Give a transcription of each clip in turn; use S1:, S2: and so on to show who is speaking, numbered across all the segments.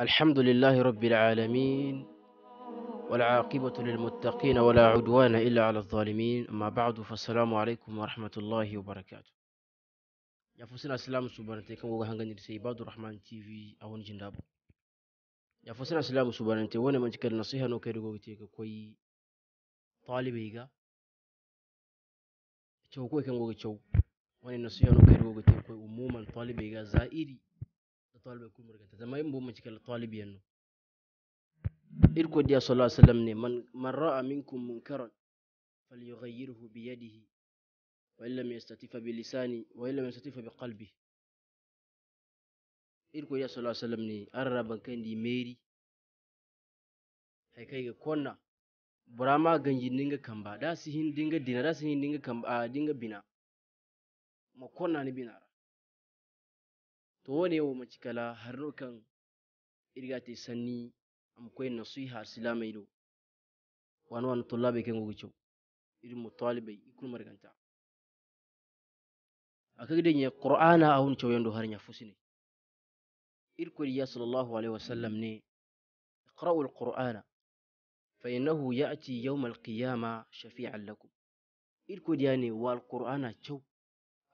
S1: الحمد لله رب العالمين والعاقبة للمتقين ولا عدوان إلا على الظالمين أما بعد فالسلام عليكم ورحمة الله وبركاته يا فسنا السلام سبحانه تكن وغا هنغني سيباد الرحمن تي في أون جنداب يا فسنا السلام سبحانه تي وانا من تكن نصيحة نوكي كيدو غو تيكا كوي طالبي غا تشو كوي كم غو تشو وانا نصيحة نوكي كيدو غو تيكا عموما طالبي غا زائري da zama yin bomin cikin talibi yanu irko diya sallallahu alaihi wasallam ne man man ra'a minkum munkaran falyughayyirhu bi yadihi wa irko diya sallallahu alaihi wasallam ne arraban kan di meri hay kai ga konna burama ganjin dinga kamba da dinga bina ma konna ni bina towonewo macikala harno kan irgate sanni amkoye nasiha silamaido wano wano tollabe kengogico irin mutalibai ikun marganta akagde nya qur'ana ahun coyendo har nya fusine irkori ya sallallahu alaihi wasallam ne iqra'u alqur'ana fa innahu ya'ti yawm alqiyama shafi'an lakum irkori ya ne wa alqur'ana cow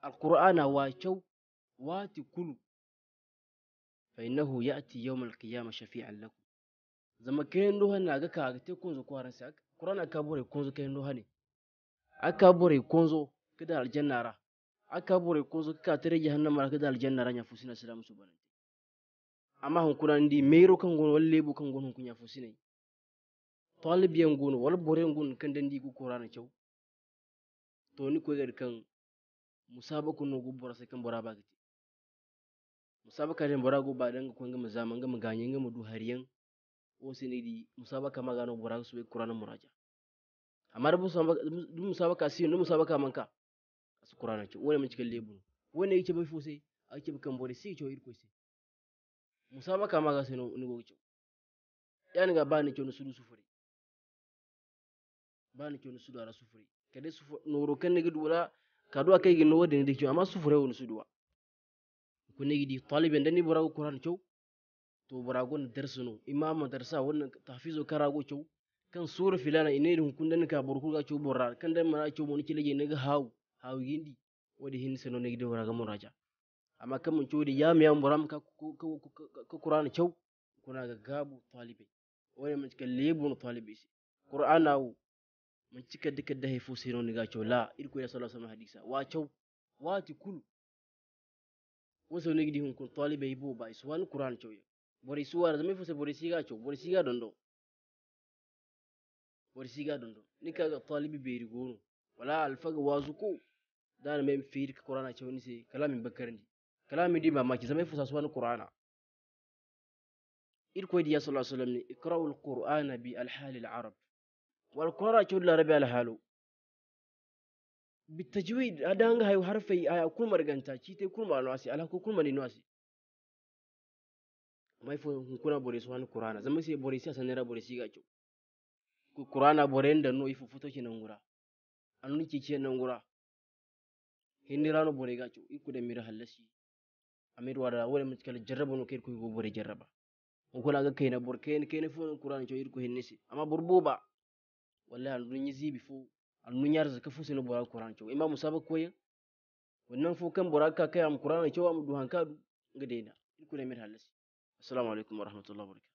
S1: alqur'ana wa cow wati kulu فإنه يأتي يوم القيامة شفيعا لكم zama kayan doha na ga kaga te kunzo ko haran sai qur'ana ka bore kunzo kayan doha ne aka bore kunzo kada aljanna ra aka bore kunzo ka tare jahannama ra kada aljanna ra nya fusina salamu subhanahu amma hun kuna ndi meiro kan gon walle bu kan gon hun kunya fusina talibiyan gon wal bore gon kan dan di ku qur'ana cew to ni ko gar kan musabakun no gubbora sai kan bora bagati musabakare mburago badenga kwenga muzama nga muganyenga mudu hariyen osinidi musabaka magano burago sube qur'an muraja amar bu musabaka sin du musabaka manka asu qur'an ci wone mun cikin lebu wone yake bai fose ake bukan bore si ciwo irko si musabaka maga sai no ngo ci yan ga bani ciwo su sufuri bani ciwo su da sufuri kade su no kan ne gidu wala kadu akai gino wadin dikyo amma sufure won su duwa kunegidi taliban dani burago qur'an chow to burago na darsino imama darsa wannan tahfizo karago chow kan sura filana ina da hukun dan ka burku ga chow burra kan dan mana chow mun kilege ne ga hawo hawo gindi wadi hin sino ne gidi burago mun raja amma kan mun chow da yam yam buram ka ka qur'an chow kuna ga gabu talibai wani mun cika lebun shi qur'ana mun cika duka da haifo sino ne ga chow la irko ya sallallahu alaihi wasallam hadisa wa chow wati kulu wosonegdi hun kun talibe ibu ba iswan kuran choyo borisi war zame fuse borisi ga cho borisi ga dondo borisi ga dondo nika ga talibi beri gono wala alfaga wazuku dana mem firi ka kurana cho ni se kalamin bakarni kalamin di mamaki zame fusa suwan kurana irko diya sallallahu alaihi wasallam ni ikra'ul qur'ana bi alhal alarab wal qur'ana cho la rabi alhalu bitajwi adanga hayo harfai aya kulmar ganta cite kulmar nuasi ala ko kulmar nuasi mai fo kuna bore su han qur'ana zama sai bore sai sanera bore sai gacho ku qur'ana bore da no ifu foto ki nan gura anun ki ki nan gura rano bore gacho iku da mira halasi amir wada wala mutkal jarrabu no kai ku go bore jarraba ko kula ga kai na bor kai kai ne fo qur'ana cho irku hinnisi amma burbuba wallahi anun yi zibi fo zaka kafusi no bora kuran cho imam musaba koyin wannan fo kan bora ka kai am kuran cho am duhan ka gade na ne mir halis assalamu alaikum warahmatullahi wabarakatuh